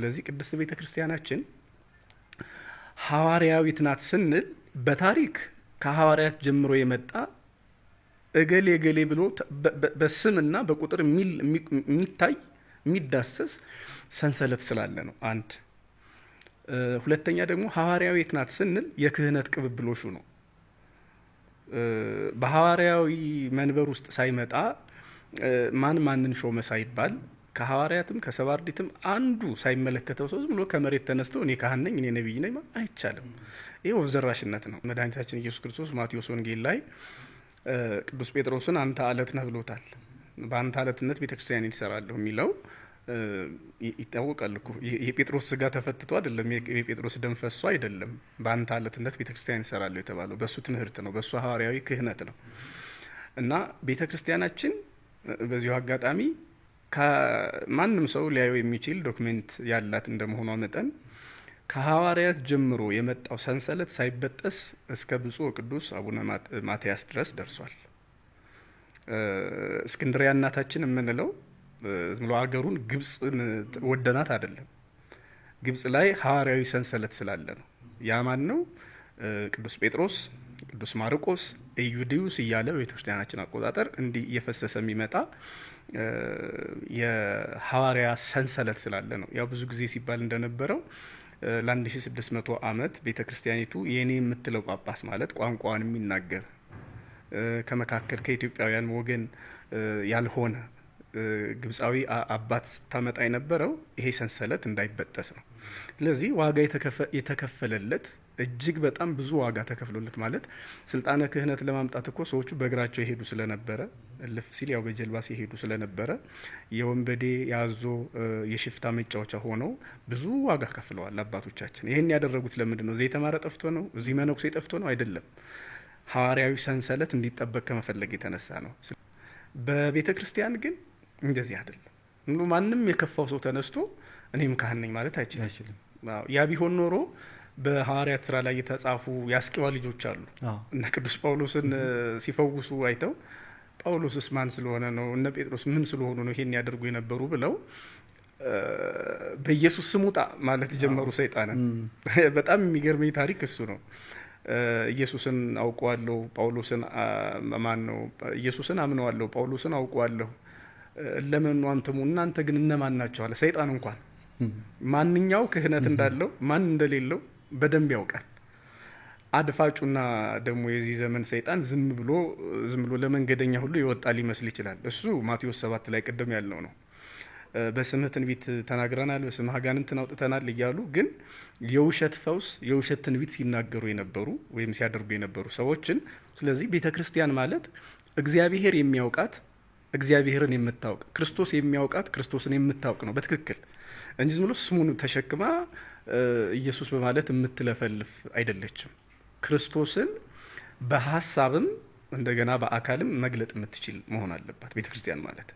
ስለዚህ ቅድስት ቤተ ክርስቲያናችን ሐዋርያዊት ናት ስንል በታሪክ ከሐዋርያት ጀምሮ የመጣ እገሌ እገሌ ብሎ በስምና በቁጥር የሚታይ የሚዳሰስ ሰንሰለት ስላለ ነው። አንድ ሁለተኛ ደግሞ ሐዋርያዊት ናት ስንል የክህነት ቅብብሎሹ ነው። በሐዋርያዊ መንበር ውስጥ ሳይመጣ ማን ማንን ሾመ ሳይባል ከሐዋርያትም ከሰባርዲትም አንዱ ሳይመለከተው ሰው ዝም ብሎ ከመሬት ተነስቶ እኔ ካህን ነኝ እኔ ነቢይ ነኝ አይቻልም። ይህ ወፍዘራሽነት ነው። መድኃኒታችን ኢየሱስ ክርስቶስ ማቴዎስ ወንጌል ላይ ቅዱስ ጴጥሮስን አንተ አለት ነህ ብሎታል። በአንተ አለትነት ቤተክርስቲያን ይሰራለሁ የሚለው ይታወቃል እኮ የጴጥሮስ ስጋ ተፈትቶ አይደለም፣ የጴጥሮስ ደም ፈሶ አይደለም። በአንተ አለትነት ቤተክርስቲያን ይሰራለሁ የተባለው በእሱ ትምህርት ነው፣ በእሱ ሐዋርያዊ ክህነት ነው እና ቤተክርስቲያናችን በዚሁ አጋጣሚ ማንም ሰው ሊያየው የሚችል ዶክሜንት ያላት እንደመሆኗ መጠን ከሐዋርያት ጀምሮ የመጣው ሰንሰለት ሳይበጠስ እስከ ብፁዕ ቅዱስ አቡነ ማትያስ ድረስ ደርሷል። እስክንድሪያ እናታችን የምንለው ዝምሎ ሀገሩን ግብፅን ወደናት አይደለም። ግብፅ ላይ ሐዋርያዊ ሰንሰለት ስላለ ነው። ያ ማን ነው? ቅዱስ ጴጥሮስ ቅዱስ ማርቆስ ኤዩዲዩስ እያለ ቤተክርስቲያናችን አቆጣጠር እንዲህ እየፈሰሰ የሚመጣ የሐዋርያ ሰንሰለት ስላለ ነው። ያው ብዙ ጊዜ ሲባል እንደነበረው ለ1600 ዓመት ቤተ ክርስቲያኒቱ የኔ የምትለው ጳጳስ ማለት ቋንቋን የሚናገር ከመካከል ከኢትዮጵያውያን ወገን ያልሆነ ግብፃዊ አባት ስታመጣ የነበረው ይሄ ሰንሰለት እንዳይበጠስ ነው። ስለዚህ ዋጋ የተከፈለለት እጅግ በጣም ብዙ ዋጋ ተከፍሎለት ማለት ስልጣነ ክህነት ለማምጣት እኮ ሰዎቹ በእግራቸው የሄዱ ስለነበረ ልፍ ሲል ያው በጀልባ ሲሄዱ ስለነበረ የወንበዴ የአዞ የሽፍታ መጫወቻ ሆነው ብዙ ዋጋ ከፍለዋል አባቶቻችን። ይህን ያደረጉት ለምንድን ነው? እዚህ የተማረ ጠፍቶ ነው? እዚህ መነኩሴ ጠፍቶ ነው? አይደለም። ሐዋርያዊ ሰንሰለት እንዲጠበቅ ከመፈለግ የተነሳ ነው። በቤተ ክርስቲያን ግን እንደዚህ አይደለም። ማንም የከፋው ሰው ተነስቶ እኔም ካህን ነኝ ማለት አይችልም። ያ ቢሆን ኖሮ በሐዋርያት ስራ ላይ የተጻፉ የአስቄዋ ልጆች አሉ እነ ቅዱስ ጳውሎስን ሲፈውሱ አይተው ጳውሎስስ ማን ስለሆነ ነው? እነ ጴጥሮስ ምን ስለሆኑ ነው ይሄን ያደርጉ የነበሩ ብለው በኢየሱስ ስም ውጣ ማለት ጀመሩ ሰይጣንን። በጣም የሚገርመኝ ታሪክ እሱ ነው። ኢየሱስን አውቀዋለሁ፣ ጳውሎስን ማን ነው? ኢየሱስን አምነዋለሁ፣ ጳውሎስን አውቀዋለሁ። ለመኑ አንትሙ እናንተ ግን እነማን ናቸው አለ ሰይጣን። እንኳን ማንኛው ክህነት እንዳለው ማን እንደሌለው በደንብ ያውቃል። አድፋጩና ደግሞ የዚህ ዘመን ሰይጣን ዝም ብሎ ዝም ብሎ ለመንገደኛ ሁሉ የወጣ ሊመስል ይችላል። እሱ ማቴዎስ ሰባት ላይ ቅድም ያለው ነው። በስምህ ትንቢት ተናግረናል፣ በስምህ አጋንንትን አውጥተናል እያሉ ግን የውሸት ፈውስ፣ የውሸት ትንቢት ሲናገሩ የነበሩ ወይም ሲያደርጉ የነበሩ ሰዎችን ስለዚህ ቤተ ክርስቲያን ማለት እግዚአብሔር የሚያውቃት እግዚአብሔርን የምታውቅ ክርስቶስ የሚያውቃት ክርስቶስን የምታውቅ ነው በትክክል እንጂ ዝም ብሎ ስሙን ተሸክማ ኢየሱስ በማለት የምትለፈልፍ አይደለችም። ክርስቶስን በሀሳብም እንደገና በአካልም መግለጥ የምትችል መሆን አለባት ቤተ ክርስቲያን ማለት